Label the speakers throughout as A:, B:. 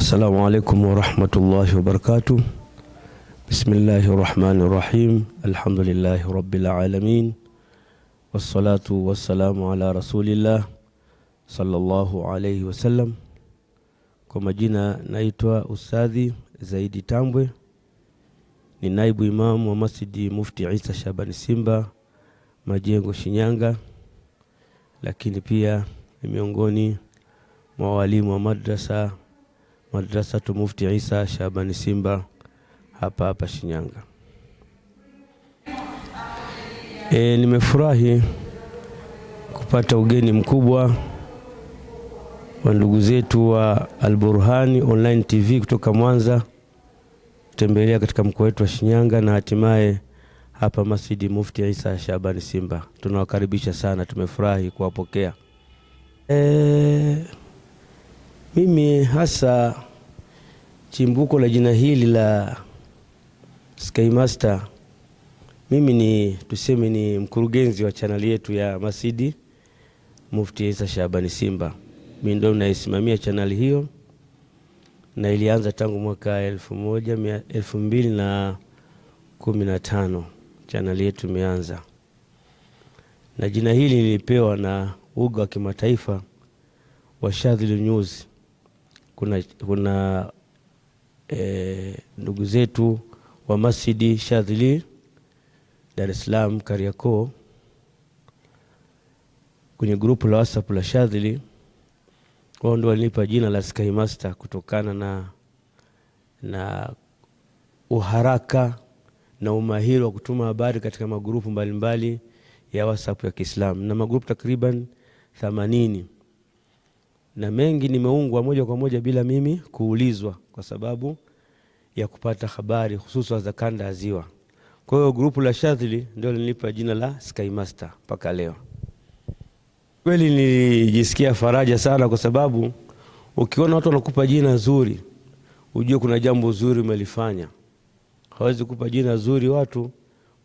A: Assalamu alaikum warahmatullahi wabarakatuh. Bismillahi rahmani rahim. Alhamdulillahi rabbil alamin. Wassalatu wassalamu ala rasulillah sallallahu alayhi wasallam. Kwa majina naitwa Ustadhi Zaidi Tambwe, ni naibu imamu wa Masjidi Mufti Isa Shabani Simba Majengo, Shinyanga, lakini pia ni miongoni mwa walimu wa madrasa Madrasatu Mufti Isa Shabani Simba hapa hapa Shinyanga. E, nimefurahi kupata ugeni mkubwa wa ndugu zetu wa Alburhani Online TV kutoka Mwanza kutembelea katika mkoa wetu wa Shinyanga na hatimaye hapa Masjidi Mufti Isa Shabani Simba. Tunawakaribisha sana, tumefurahi kuwapokea e... Mimi hasa chimbuko la jina hili la Skymaster, mimi ni tuseme ni mkurugenzi wa chaneli yetu ya Masidi Mufti Isa Shabani Simba. Mimi ndio naisimamia chaneli hiyo na ilianza tangu mwaka elfu moja mia, elfu mbili na kumi na tano chaneli yetu imeanza, na jina hili nilipewa na uga wa kimataifa wa Shadhili News kuna, kuna e, ndugu zetu wa Masjidi Shadhili Dar es Salaam Kariakoo kwenye grupu la WhatsApp la Shadhili, wao ndio walinipa jina la Sky Master kutokana na, na uharaka na umahiri wa kutuma habari katika magrupu mbalimbali mbali ya WhatsApp ya Kiislamu na magrupu takriban 80 na mengi nimeungwa moja kwa moja bila mimi kuulizwa, kwa sababu ya kupata habari hususa za kanda ya Ziwa. Kwa hiyo grupu la Shadhili ndio linipa jina la Skymaster mpaka leo. Kweli nilijisikia faraja sana, kwa sababu ukiona watu wanakupa jina zuri ujue kuna jambo zuri umelifanya. Hawezi kupa jina zuri watu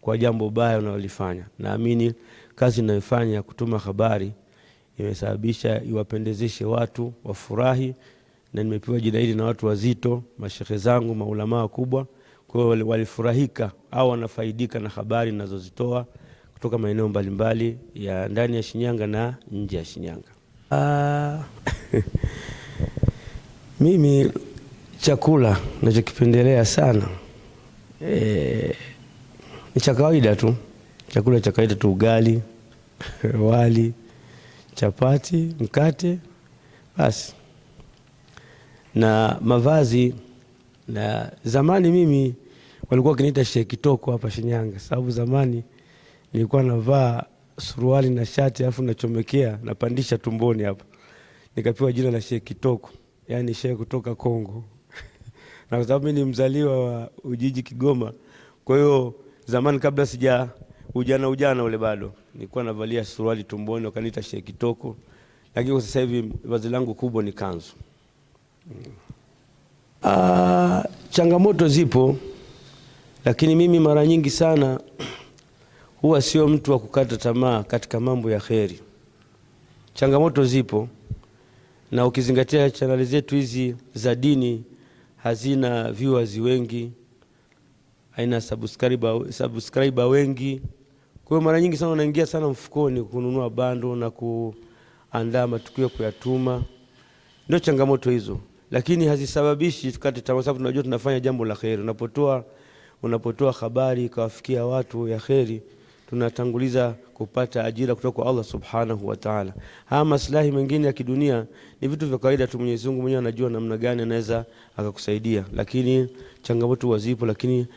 A: kwa jambo baya unalolifanya. Naamini kazi inayofanya ya kutuma habari imesababisha iwapendezeshe watu wafurahi, na nimepewa jina hili na watu wazito, mashehe zangu, maulamaa wakubwa. Kwa hiyo walifurahika au wanafaidika na habari ninazozitoa kutoka maeneo mbalimbali ya ndani ya Shinyanga na nje ya Shinyanga. Uh, mimi chakula nachokipendelea sana e, ni cha kawaida tu, chakula cha kawaida tu, ugali wali chapati, mkate basi na mavazi. Na zamani mimi walikuwa wakiniita Sheikh Kitoko hapa Shinyanga, sababu zamani nilikuwa navaa suruali na shati alafu nachomekea napandisha tumboni hapa, nikapewa jina la Sheikh Kitoko, yani shehe kutoka Kongo na kwa sababu mimi ni mzaliwa wa Ujiji Kigoma, kwa hiyo zamani kabla sija ujana ujana ule bado nilikuwa navalia suruali tumboni, wakaniita Sheikh Kitoko, lakini kwa sasa hivi vazi langu kubwa ni kanzu. Uh, changamoto zipo, lakini mimi mara nyingi sana huwa sio mtu wa kukata tamaa katika mambo ya kheri. Changamoto zipo, na ukizingatia chaneli zetu hizi za dini hazina viewers wengi, haina subscriber, subscriber wengi kwa hiyo mara nyingi sana unaingia sana mfukoni kununua bando na kuandaa matukio kuyatuma, ndio changamoto hizo, lakini hazisababishi tukate tamaa, sababu tunajua tunafanya jambo la kheri. Unapotoa unapotoa habari ikawafikia watu ya kheri, tunatanguliza kupata ajira kutoka kwa Allah subhanahu wa ta'ala. Haya maslahi mengine ya kidunia ni vitu vya kawaida tu, Mwenyezi Mungu mwenyewe anajua namna gani anaweza akakusaidia, lakini changamoto wazipo, lakini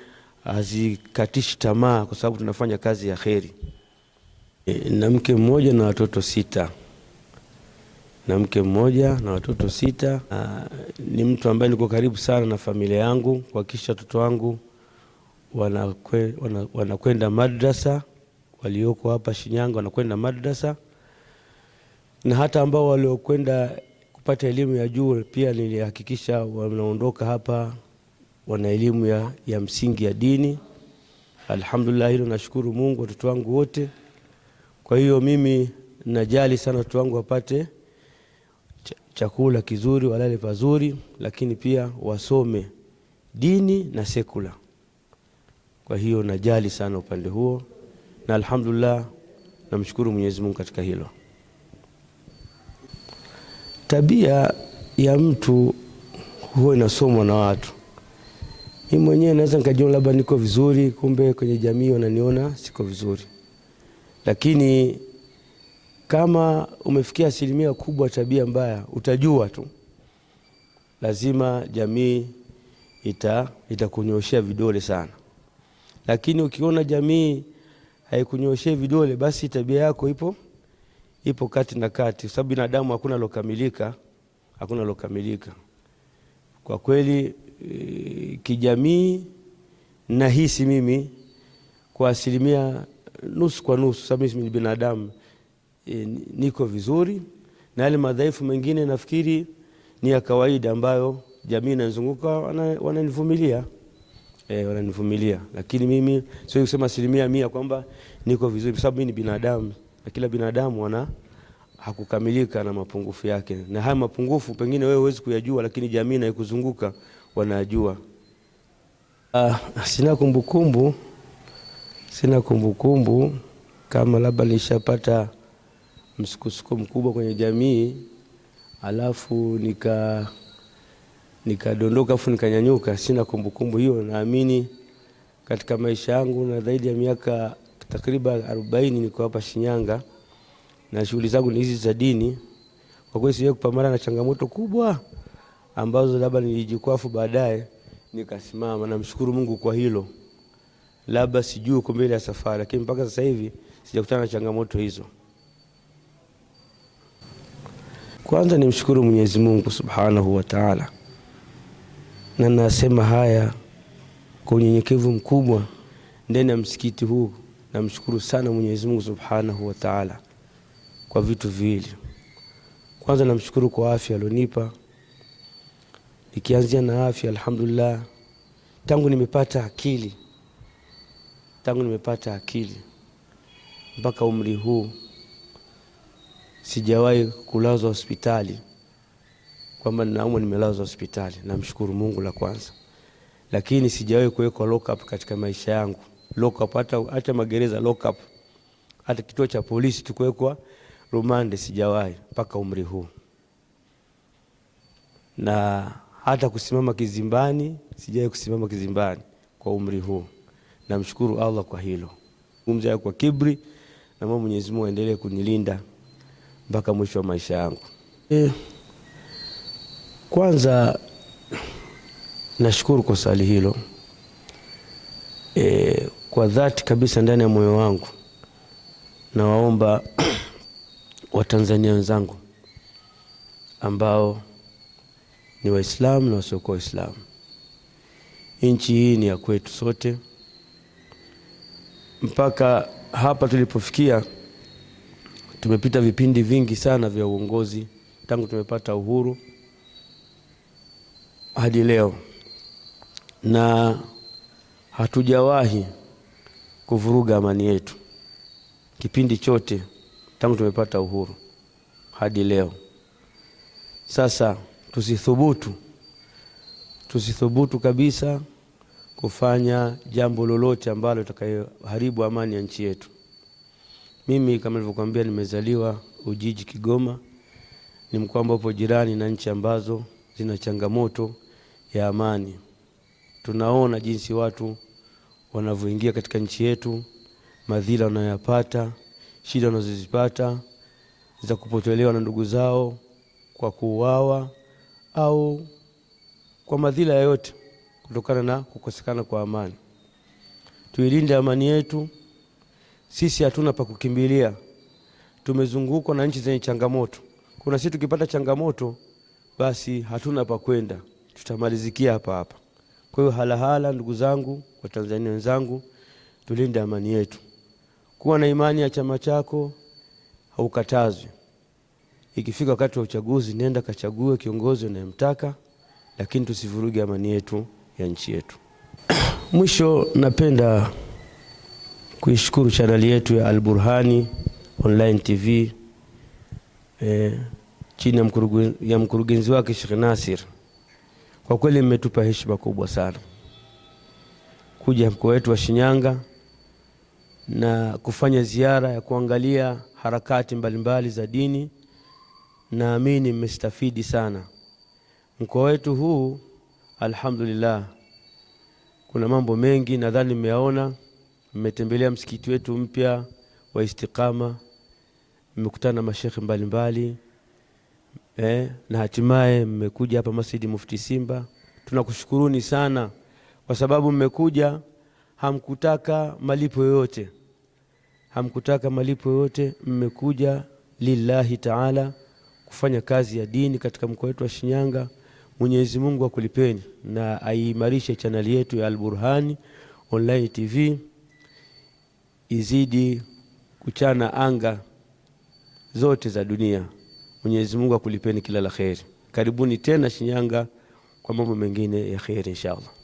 A: hazikatishi tamaa, kwa sababu tunafanya kazi ya heri. E, na mke mmoja na watoto sita na mke mmoja na watoto sita. Aa, ni mtu ambaye niko karibu sana na familia yangu kuhakikisha watoto wangu wanakwenda wana, wana madrasa walioko hapa Shinyanga wanakwenda madrasa na hata ambao waliokwenda kupata elimu ya juu pia nilihakikisha wanaondoka hapa wana elimu ya, ya msingi ya dini. Alhamdulillah, hilo nashukuru Mungu, watoto wangu wote. Kwa hiyo mimi najali sana watoto wangu wapate chakula kizuri, walale pazuri, lakini pia wasome dini na sekula. Kwa hiyo najali sana upande huo, na alhamdulillah, namshukuru Mwenyezi Mungu katika hilo. Tabia ya mtu huwa inasomwa na watu mi mwenyewe naweza nikajiona labda niko vizuri, kumbe kwenye jamii wananiona siko vizuri. Lakini kama umefikia asilimia kubwa tabia mbaya, utajua tu, lazima jamii ita itakunyoshea vidole sana. Lakini ukiona jamii haikunyoshea vidole, basi tabia yako ipo ipo kati na kati, kwa sababu binadamu hakuna lokamilika, hakuna lokamilika kwa kweli. Eh, kijamii nahisi mimi kwa asilimia nusu kwa nusu, sababu mimi eh, ni binadamu e, niko vizuri, na yale madhaifu mengine nafikiri ni ya kawaida ambayo jamii inazunguka wananivumilia wana eh, E, wananivumilia lakini mimi siwezi kusema asilimia mia kwamba niko vizuri, kwa sababu mimi ni binadamu na kila binadamu ana hakukamilika na mapungufu yake, na haya mapungufu pengine wewe huwezi kuyajua, lakini jamii inayokuzunguka wanajua. Ah, sina kumbukumbu kumbu, sina kumbukumbu kumbu, kama labda nishapata msukosuko mkubwa kwenye jamii alafu nika nikadondoka afu nikanyanyuka. Sina kumbukumbu hiyo. Naamini katika maisha yangu na zaidi ya miaka takriban arobaini niko hapa Shinyanga na shughuli zangu ni hizi za dini. Kwa kweli sijawahi kupambana na changamoto kubwa ambazo labda nilijikwafu baadaye nikasimama. Namshukuru Mungu kwa hilo, labda sijui uko mbele ya safari, lakini mpaka sasa hivi sijakutana na changamoto hizo. Kwanza nimshukuru Mwenyezi Mungu Subhanahu wa Ta'ala, na nasema haya kwa unyenyekevu mkubwa ndani ya msikiti huu. Namshukuru sana Mwenyezi Mungu Subhanahu wa Ta'ala kwa vitu viwili. Kwanza namshukuru kwa afya alionipa ikianzia na afya. Alhamdulillah, tangu nimepata akili, tangu nimepata akili mpaka umri huu sijawahi kulazwa hospitali, kwamba ninaumwa nimelazwa hospitali. Namshukuru Mungu la kwanza, lakini sijawahi kuwekwa lock up katika maisha yangu, lock up hata, hata magereza lock up, hata kituo cha polisi tukuwekwa rumande, sijawahi mpaka umri huu na hata kusimama kizimbani sijawahi kusimama kizimbani kwa umri huu. Namshukuru Allah kwa hilo. Gumza kwa kibri na mwa Mwenyezi Mungu aendelee kunilinda mpaka mwisho wa maisha yangu. E, kwanza nashukuru kwa swali hilo e, kwa dhati kabisa ndani ya moyo wangu nawaomba Watanzania wenzangu ambao ni Waislamu na wasiokuwa Waislamu. Nchi hii ni ya kwetu sote. Mpaka hapa tulipofikia, tumepita vipindi vingi sana vya uongozi tangu tumepata uhuru hadi leo, na hatujawahi kuvuruga amani yetu kipindi chote tangu tumepata uhuru hadi leo. Sasa tusithubutu, tusithubutu kabisa kufanya jambo lolote ambalo litakayoharibu amani ya nchi yetu. Mimi kama nilivyokuambia, nimezaliwa Ujiji, Kigoma, ni mkoa ambao upo jirani na nchi ambazo zina changamoto ya amani. Tunaona jinsi watu wanavyoingia katika nchi yetu, madhila wanayoyapata, shida wanazozipata za kupotelewa na ndugu zao kwa kuuawa au kwa madhila yoyote kutokana na kukosekana kwa amani. Tuilinde amani yetu. Sisi hatuna pa kukimbilia, tumezungukwa na nchi zenye changamoto. Kuna sisi tukipata changamoto, basi hatuna pa kwenda, tutamalizikia hapa hapa. Kwa hiyo halahala, ndugu zangu, tanzania wenzangu, tulinde amani yetu. Kuwa na imani ya chama chako haukatazwi ikifika wakati wa uchaguzi, nenda kachague kiongozi unayemtaka, lakini tusivuruge amani yetu ya nchi yetu. Mwisho, napenda kuishukuru chaneli yetu ya Al Burhani Online TV eh, chini ya mkurugenzi, ya mkurugenzi wake Sheikh Nasir. Kwa kweli mmetupa heshima kubwa sana kuja mkoa wetu wa Shinyanga na kufanya ziara ya kuangalia harakati mbalimbali mbali za dini Naamini mmestafidi sana. Mkoa wetu huu alhamdulillah, kuna mambo mengi nadhani mmeyaona. Mmetembelea msikiti wetu mpya wa Istiqama, mmekutana na mashekhe mbalimbali eh, na hatimaye mmekuja hapa Masjidi Mufti Simba. Tunakushukuruni sana kwa sababu mmekuja, hamkutaka malipo yoyote, hamkutaka malipo yoyote, mmekuja lillahi taala kufanya kazi ya dini katika mkoa wetu wa Shinyanga. Mwenyezi Mungu akulipeni na aiimarishe chaneli yetu ya Alburhani Online TV izidi kuchana anga zote za dunia. Mwenyezi Mungu akulipeni kila la kheri. Karibuni tena Shinyanga kwa mambo mengine ya kheri inshallah.